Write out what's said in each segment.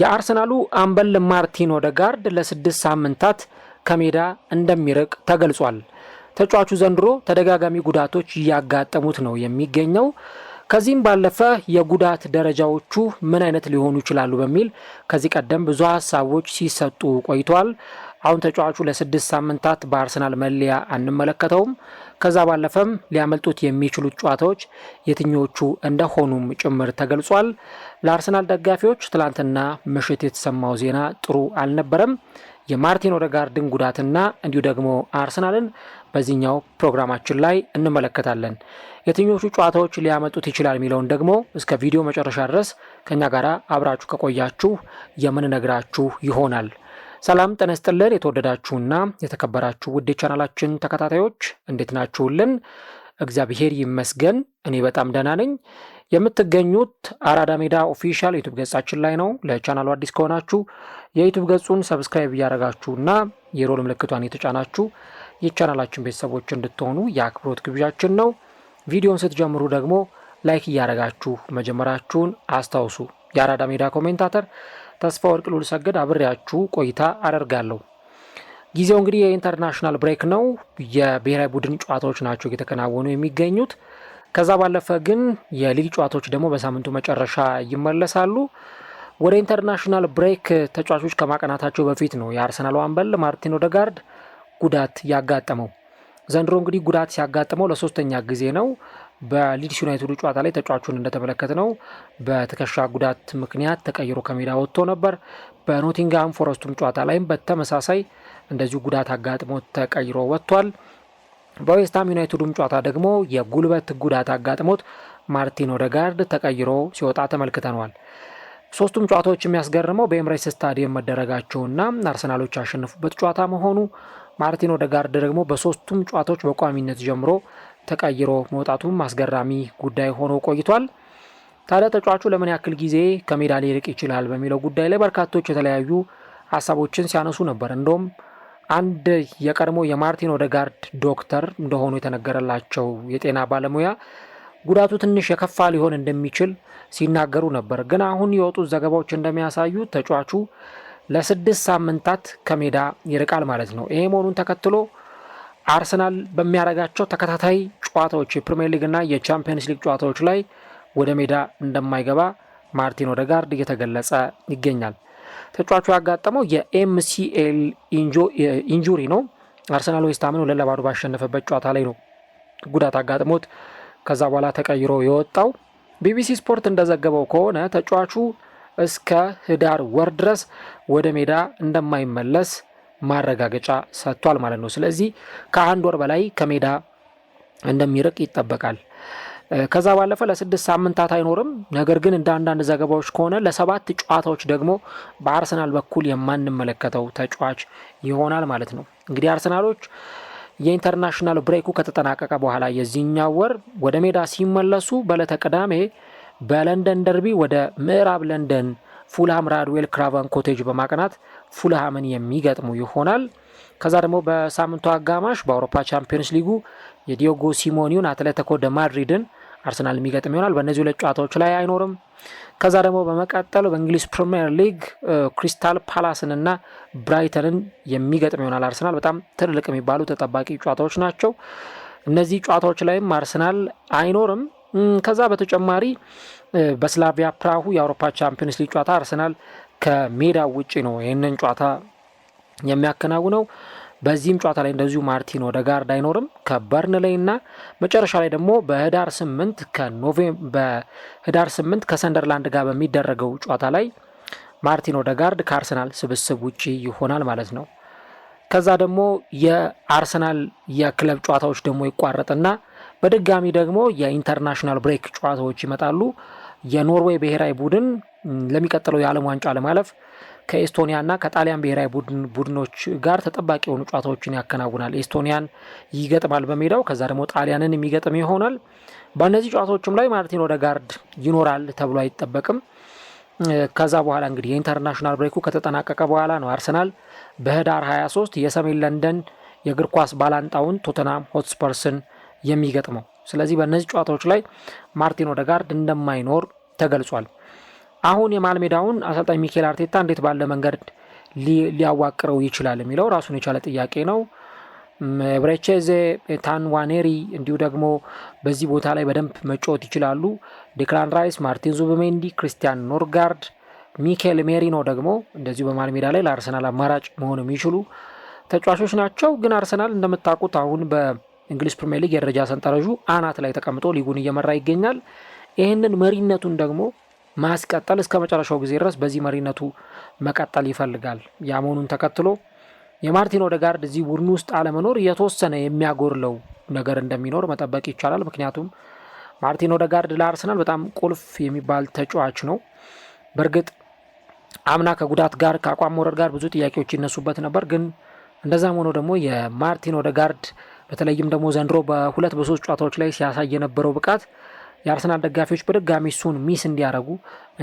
የአርሰናሉ አምበል ማርቲን ኦዴጋርድ ለስድስት ሳምንታት ከሜዳ እንደሚርቅ ተገልጿል። ተጫዋቹ ዘንድሮ ተደጋጋሚ ጉዳቶች እያጋጠሙት ነው የሚገኘው። ከዚህም ባለፈ የጉዳት ደረጃዎቹ ምን አይነት ሊሆኑ ይችላሉ በሚል ከዚህ ቀደም ብዙ ሀሳቦች ሲሰጡ ቆይቷል። አሁን ተጫዋቹ ለስድስት ሳምንታት በአርሰናል መለያ አንመለከተውም። ከዛ ባለፈም ሊያመልጡት የሚችሉት ጨዋታዎች የትኞቹ እንደሆኑም ጭምር ተገልጿል። ለአርሰናል ደጋፊዎች ትላንትና ምሽት የተሰማው ዜና ጥሩ አልነበረም። የማርቲን ኦደጋርድን ጉዳትና እንዲሁ ደግሞ አርሰናልን በዚህኛው ፕሮግራማችን ላይ እንመለከታለን። የትኞቹ ጨዋታዎች ሊያመጡት ይችላል የሚለውን ደግሞ እስከ ቪዲዮ መጨረሻ ድረስ ከእኛ ጋር አብራችሁ ከቆያችሁ የምንነግራችሁ ይሆናል። ሰላም ጤና ይስጥልን። የተወደዳችሁና የተከበራችሁ ውድ ቻናላችን ተከታታዮች እንዴት ናችሁልን? እግዚአብሔር ይመስገን እኔ በጣም ደህና ነኝ። የምትገኙት አራዳ ሜዳ ኦፊሻል ዩቱብ ገጻችን ላይ ነው። ለቻናሉ አዲስ ከሆናችሁ የዩቱብ ገጹን ሰብስክራይብ እያደረጋችሁና የሮል ምልክቷን የተጫናችሁ የቻናላችን ቤተሰቦች እንድትሆኑ የአክብሮት ግብዣችን ነው። ቪዲዮን ስትጀምሩ ደግሞ ላይክ እያደረጋችሁ መጀመራችሁን አስታውሱ። የአራዳ ሜዳ ኮሜንታተር ተስፋ ወርቅ ሉል ሰገድ አብሬያችሁ ቆይታ አደርጋለሁ። ጊዜው እንግዲህ የኢንተርናሽናል ብሬክ ነው። የብሔራዊ ቡድን ጨዋታዎች ናቸው እየተከናወኑ የሚገኙት። ከዛ ባለፈ ግን የሊግ ጨዋታዎች ደግሞ በሳምንቱ መጨረሻ ይመለሳሉ። ወደ ኢንተርናሽናል ብሬክ ተጫዋቾች ከማቀናታቸው በፊት ነው የአርሰናል አምበል ማርቲን ወደጋርድ ጉዳት ያጋጠመው። ዘንድሮ እንግዲህ ጉዳት ሲያጋጥመው ለሶስተኛ ጊዜ ነው። በሊድስ ዩናይትዱ ጨዋታ ላይ ተጫዋቹን እንደተመለከት ነው በትከሻ ጉዳት ምክንያት ተቀይሮ ከሜዳ ወጥቶ ነበር። በኖቲንግሃም ፎረስቱም ጨዋታ ላይም በተመሳሳይ እንደዚሁ ጉዳት አጋጥሞ ተቀይሮ ወጥቷል። በዌስትሃም ዩናይትዱም ጨዋታ ደግሞ የጉልበት ጉዳት አጋጥሞት ማርቲን ኦዴጋርድ ተቀይሮ ሲወጣ ተመልክተነዋል። ሶስቱም ጨዋታዎች የሚያስገርመው በኤምሬትስ ስታዲየም መደረጋቸውና አርሰናሎች ያሸነፉበት ጨዋታ መሆኑ ማርቲን ወደጋርድ ደግሞ በሶስቱም ጨዋታዎች በቋሚነት ጀምሮ ተቀይሮ መውጣቱም አስገራሚ ጉዳይ ሆኖ ቆይቷል። ታዲያ ተጫዋቹ ለምን ያክል ጊዜ ከሜዳ ሊርቅ ይችላል በሚለው ጉዳይ ላይ በርካቶች የተለያዩ ሀሳቦችን ሲያነሱ ነበር። እንደውም አንድ የቀድሞ የማርቲን ኦዴጋርድ ዶክተር እንደሆኑ የተነገረላቸው የጤና ባለሙያ ጉዳቱ ትንሽ የከፋ ሊሆን እንደሚችል ሲናገሩ ነበር። ግን አሁን የወጡት ዘገባዎች እንደሚያሳዩ ተጫዋቹ ለስድስት ሳምንታት ከሜዳ ይርቃል ማለት ነው። ይሄ መሆኑን ተከትሎ አርሰናል በሚያደርጋቸው ተከታታይ ጨዋታዎች የፕሪምየር ሊግና የቻምፒየንስ ሊግ ጨዋታዎች ላይ ወደ ሜዳ እንደማይገባ ማርቲን ጋርድ እየተገለጸ ይገኛል። ተጫዋቹ ያጋጠመው የኤምሲኤል ኢንጁሪ ነው። አርሰናል ዌስትሃምን ሁለት ለባዶ ባሸነፈበት ጨዋታ ላይ ነው ጉዳት አጋጥሞት ከዛ በኋላ ተቀይሮ የወጣው። ቢቢሲ ስፖርት እንደዘገበው ከሆነ ተጫዋቹ እስከ ህዳር ወር ድረስ ወደ ሜዳ እንደማይመለስ ማረጋገጫ ሰጥቷል ማለት ነው። ስለዚህ ከአንድ ወር በላይ ከሜዳ እንደሚርቅ ይጠበቃል። ከዛ ባለፈ ለስድስት ሳምንታት አይኖርም። ነገር ግን እንደ አንዳንድ ዘገባዎች ከሆነ ለሰባት ጨዋታዎች ደግሞ በአርሰናል በኩል የማንመለከተው ተጫዋች ይሆናል ማለት ነው። እንግዲህ አርሰናሎች የኢንተርናሽናል ብሬኩ ከተጠናቀቀ በኋላ የዚህኛው ወር ወደ ሜዳ ሲመለሱ በለተቀዳሜ ቅዳሜ በለንደን ደርቢ ወደ ምዕራብ ለንደን ፉልሃም ራድዌል ክራቫን ኮቴጅ በማቅናት ፉልሃምን የሚገጥሙ ይሆናል። ከዛ ደግሞ በሳምንቱ አጋማሽ በአውሮፓ ቻምፒዮንስ ሊጉ የዲዮጎ ሲሞኒውን አትሌቲኮ ደ ማድሪድን አርሰናል የሚገጥም ይሆናል። በእነዚህ ሁለት ጨዋታዎች ላይ አይኖርም። ከዛ ደግሞ በመቀጠል በእንግሊዝ ፕሪምየር ሊግ ክሪስታል ፓላስንና ብራይተንን የሚገጥም ይሆናል አርሰናል። በጣም ትልልቅ የሚባሉ ተጠባቂ ጨዋታዎች ናቸው። እነዚህ ጨዋታዎች ላይም አርሰናል አይኖርም። ከዛ በተጨማሪ በስላቪያ ፕራሁ የአውሮፓ ቻምፒዮንስ ሊግ ጨዋታ አርሰናል ከሜዳ ውጭ ነው ይህንን ጨዋታ የሚያከናውነው። በዚህም ጨዋታ ላይ እንደዚሁ ማርቲን ጋርድ አይኖርም ላይ እና መጨረሻ ላይ ደግሞ በህዳር ስምንት በህዳር ስምንት ከሰንደርላንድ ጋር በሚደረገው ጨዋታ ላይ ማርቲን ጋርድ ከአርሰናል ስብስብ ውጪ ይሆናል ማለት ነው። ከዛ ደግሞ የአርሰናል የክለብ ጨዋታዎች ደግሞ ይቋረጥና በድጋሚ ደግሞ የኢንተርናሽናል ብሬክ ጨዋታዎች ይመጣሉ። የኖርዌይ ብሔራዊ ቡድን ለሚቀጥለው የዓለም ዋንጫ ለማለፍ ከኤስቶኒያና ከጣሊያን ብሔራዊ ቡድኖች ጋር ተጠባቂ የሆኑ ጨዋታዎችን ያከናውናል። ኤስቶኒያን ይገጥማል በሜዳው ከዛ ደግሞ ጣሊያንን የሚገጥም ይሆናል። በእነዚህ ጨዋታዎችም ላይ ማርቲን ኦዴጋርድ ይኖራል ተብሎ አይጠበቅም። ከዛ በኋላ እንግዲህ የኢንተርናሽናል ብሬኩ ከተጠናቀቀ በኋላ ነው አርሰናል በህዳር 23 የሰሜን ለንደን የእግር ኳስ ባላንጣውን ቶተናም ሆትስፐርስን የሚገጥመው። ስለዚህ በእነዚህ ጨዋታዎች ላይ ማርቲን ጋርድ እንደማይኖር ተገልጿል። አሁን የማልሜዳውን አሰልጣኝ ሚኬል አርቴታ እንዴት ባለ መንገድ ሊያዋቅረው ይችላል የሚለው ራሱን የቻለ ጥያቄ ነው። ብሬቼዜ ዋኔሪ እንዲሁ ደግሞ በዚህ ቦታ ላይ በደንብ መጫወት ይችላሉ። ዴክላን ራይስ፣ ማርቲን ዙብሜንዲ፣ ክሪስቲያን ኖርጋርድ፣ ሚኬል ሜሪኖ ደግሞ እንደዚሁ በማልሜዳ ላይ ለአርሰናል አማራጭ መሆን የሚችሉ ተጫዋቾች ናቸው። ግን አርሰናል እንደምታውቁት አሁን በ እንግሊዝ ፕሪሚየር ሊግ የደረጃ ሰንጠረዡ አናት ላይ ተቀምጦ ሊጉን እየመራ ይገኛል። ይህንን መሪነቱን ደግሞ ማስቀጠል እስከ መጨረሻው ጊዜ ድረስ በዚህ መሪነቱ መቀጠል ይፈልጋል። ያ መሆኑን ተከትሎ የማርቲን ኦደጋርድ እዚህ ቡድን ውስጥ አለመኖር የተወሰነ የሚያጎርለው ነገር እንደሚኖር መጠበቅ ይቻላል። ምክንያቱም ማርቲን ኦደጋርድ ለአርሰናል በጣም ቁልፍ የሚባል ተጫዋች ነው። በእርግጥ አምና ከጉዳት ጋር ከአቋም መውረድ ጋር ብዙ ጥያቄዎች ይነሱበት ነበር። ግን እንደዛም ሆኖ ደግሞ የማርቲን ኦደጋርድ በተለይም ደግሞ ዘንድሮ በሁለት በሶስት ጨዋታዎች ላይ ሲያሳይ የነበረው ብቃት የአርሰናል ደጋፊዎች በድጋሚ እሱን ሚስ እንዲያደርጉ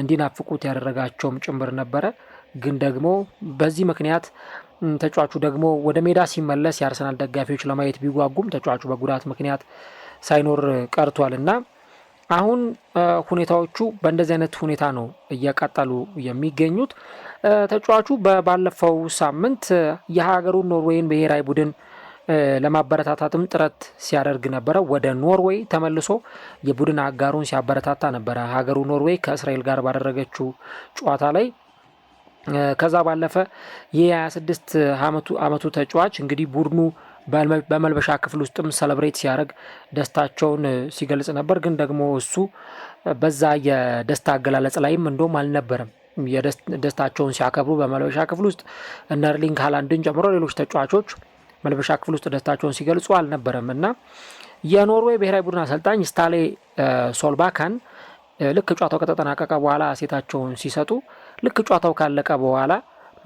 እንዲናፍቁት ያደረጋቸውም ጭምር ነበረ። ግን ደግሞ በዚህ ምክንያት ተጫዋቹ ደግሞ ወደ ሜዳ ሲመለስ የአርሰናል ደጋፊዎች ለማየት ቢጓጉም ተጫዋቹ በጉዳት ምክንያት ሳይኖር ቀርቷል እና አሁን ሁኔታዎቹ በእንደዚህ አይነት ሁኔታ ነው እያቃጠሉ የሚገኙት። ተጫዋቹ ባለፈው ሳምንት የሀገሩን ኖርዌይን ብሔራዊ ቡድን ለማበረታታትም ጥረት ሲያደርግ ነበረ። ወደ ኖርዌይ ተመልሶ የቡድን አጋሩን ሲያበረታታ ነበረ። ሀገሩ ኖርዌይ ከእስራኤል ጋር ባደረገችው ጨዋታ ላይ ከዛ ባለፈ የ26 ዓመቱ ተጫዋች እንግዲህ ቡድኑ በመልበሻ ክፍል ውስጥም ሰለብሬት ሲያደርግ ደስታቸውን ሲገልጽ ነበር። ግን ደግሞ እሱ በዛ የደስታ አገላለጽ ላይም እንደም አልነበረም። ደስታቸውን ሲያከብሩ በመልበሻ ክፍል ውስጥ እነ ኤርሊንግ ሃላንድን ጨምሮ ሌሎች ተጫዋቾች መልበሻ ክፍል ውስጥ ደስታቸውን ሲገልጹ አልነበረም እና የኖርዌይ ብሔራዊ ቡድን አሰልጣኝ ስታሌ ሶልባካን ልክ ጨዋታው ከተጠናቀቀ በኋላ ሴታቸውን ሲሰጡ ልክ ጨዋታው ካለቀ በኋላ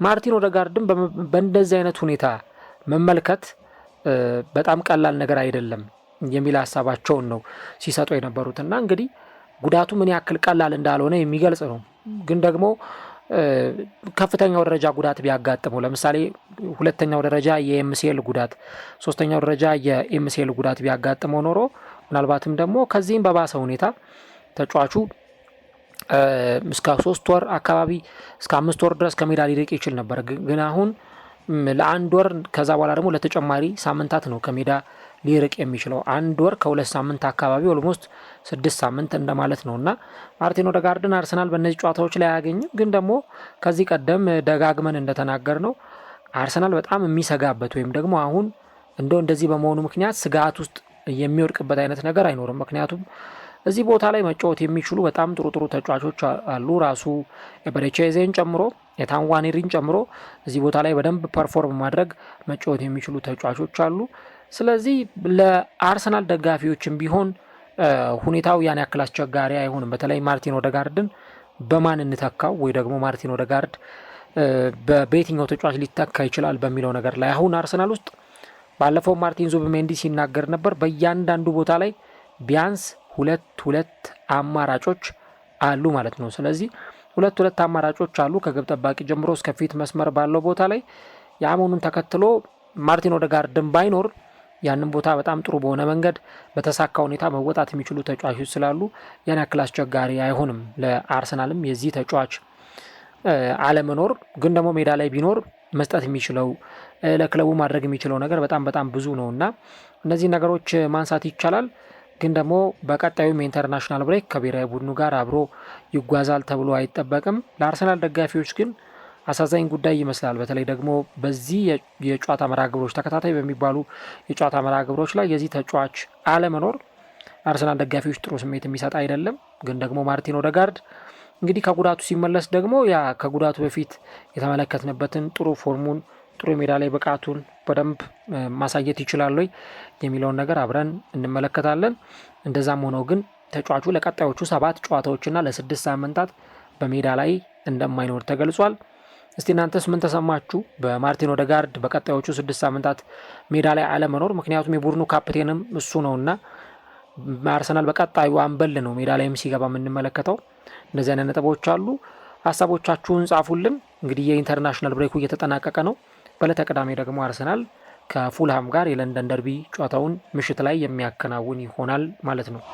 ማርቲን ኦደጋርድን በእንደዚህ አይነት ሁኔታ መመልከት በጣም ቀላል ነገር አይደለም የሚል ሀሳባቸውን ነው ሲሰጡ የነበሩት እና እንግዲህ ጉዳቱ ምን ያክል ቀላል እንዳልሆነ የሚገልጽ ነው ግን ደግሞ ከፍተኛው ደረጃ ጉዳት ቢያጋጥመው ለምሳሌ ሁለተኛው ደረጃ የኤምሲኤል ጉዳት፣ ሶስተኛው ደረጃ የኤምሲኤል ጉዳት ቢያጋጥመው ኖሮ ምናልባትም ደግሞ ከዚህም በባሰ ሁኔታ ተጫዋቹ እስከ ሶስት ወር አካባቢ እስከ አምስት ወር ድረስ ከሜዳ ሊርቅ ይችል ነበር። ግን አሁን ለአንድ ወር ከዛ በኋላ ደግሞ ለተጨማሪ ሳምንታት ነው ከሜዳ ሊርቅ የሚችለው አንድ ወር ከሁለት ሳምንት አካባቢ ኦልሞስት ስድስት ሳምንት እንደማለት ነው እና ማርቲን ኦዴጋርድን አርሰናል በእነዚህ ጨዋታዎች ላይ አያገኝም። ግን ደግሞ ከዚህ ቀደም ደጋግመን እንደተናገር ነው አርሰናል በጣም የሚሰጋበት ወይም ደግሞ አሁን እንደው እንደዚህ በመሆኑ ምክንያት ስጋት ውስጥ የሚወድቅበት አይነት ነገር አይኖርም። ምክንያቱም እዚህ ቦታ ላይ መጫወት የሚችሉ በጣም ጥሩ ጥሩ ተጫዋቾች አሉ። ራሱ ኤበሬቼዜን ጨምሮ የታንዋኔሪን ጨምሮ እዚህ ቦታ ላይ በደንብ ፐርፎርም ማድረግ መጫወት የሚችሉ ተጫዋቾች አሉ። ስለዚህ ለአርሰናል ደጋፊዎችም ቢሆን ሁኔታው ያን ያክል አስቸጋሪ አይሆንም። በተለይ ማርቲን ኦደጋርድን በማን እንተካው ወይ ደግሞ ማርቲን ኦደጋርድ በየትኛው ተጫዋች ሊተካ ይችላል በሚለው ነገር ላይ አሁን አርሰናል ውስጥ ባለፈው ማርቲን ዙብሜንዲ ሲናገር ነበር። በእያንዳንዱ ቦታ ላይ ቢያንስ ሁለት ሁለት አማራጮች አሉ ማለት ነው። ስለዚህ ሁለት ሁለት አማራጮች አሉ ከግብ ጠባቂ ጀምሮ እስከ ፊት መስመር ባለው ቦታ ላይ የአመኑን ተከትሎ ማርቲን ኦደጋርድን ባይኖር ያንን ቦታ በጣም ጥሩ በሆነ መንገድ በተሳካ ሁኔታ መወጣት የሚችሉ ተጫዋቾች ስላሉ ያን ያክል አስቸጋሪ አይሆንም። ለአርሰናልም የዚህ ተጫዋች አለመኖር ግን ደግሞ ሜዳ ላይ ቢኖር መስጠት የሚችለው ለክለቡ ማድረግ የሚችለው ነገር በጣም በጣም ብዙ ነው እና እነዚህ ነገሮች ማንሳት ይቻላል። ግን ደግሞ በቀጣዩም የኢንተርናሽናል ብሬክ ከብሔራዊ ቡድኑ ጋር አብሮ ይጓዛል ተብሎ አይጠበቅም። ለአርሰናል ደጋፊዎች ግን አሳዛኝ ጉዳይ ይመስላል። በተለይ ደግሞ በዚህ የጨዋታ መርሃ ግብሮች ተከታታይ በሚባሉ የጨዋታ መርሃ ግብሮች ላይ የዚህ ተጫዋች አለመኖር አርሰናል ደጋፊዎች ጥሩ ስሜት የሚሰጥ አይደለም። ግን ደግሞ ማርቲን ኦደጋርድ እንግዲህ ከጉዳቱ ሲመለስ ደግሞ ያ ከጉዳቱ በፊት የተመለከትንበትን ጥሩ ፎርሙን ጥሩ ሜዳ ላይ ብቃቱን በደንብ ማሳየት ይችላል ወይ የሚለውን ነገር አብረን እንመለከታለን። እንደዛም ሆነው ግን ተጫዋቹ ለቀጣዮቹ ሰባት ጨዋታዎችና ለስድስት ሳምንታት በሜዳ ላይ እንደማይኖር ተገልጿል። እስቲ እናንተስ ምን ተሰማችሁ? በማርቲን ኦዴጋርድ በቀጣዮቹ ስድስት ሳምንታት ሜዳ ላይ አለመኖር፣ ምክንያቱም የቡድኑ ካፕቴንም እሱ ነውና አርሰናል በቀጣዩ አምበል ነው ሜዳ ላይም ሲገባ የምንመለከተው። እንደዚህ አይነት ነጥቦች አሉ። ሀሳቦቻችሁን ጻፉልን። እንግዲህ የኢንተርናሽናል ብሬኩ እየተጠናቀቀ ነው። በዕለተ ቅዳሜ ደግሞ አርሰናል ከፉልሃም ጋር የለንደን ደርቢ ጨዋታውን ምሽት ላይ የሚያከናውን ይሆናል ማለት ነው።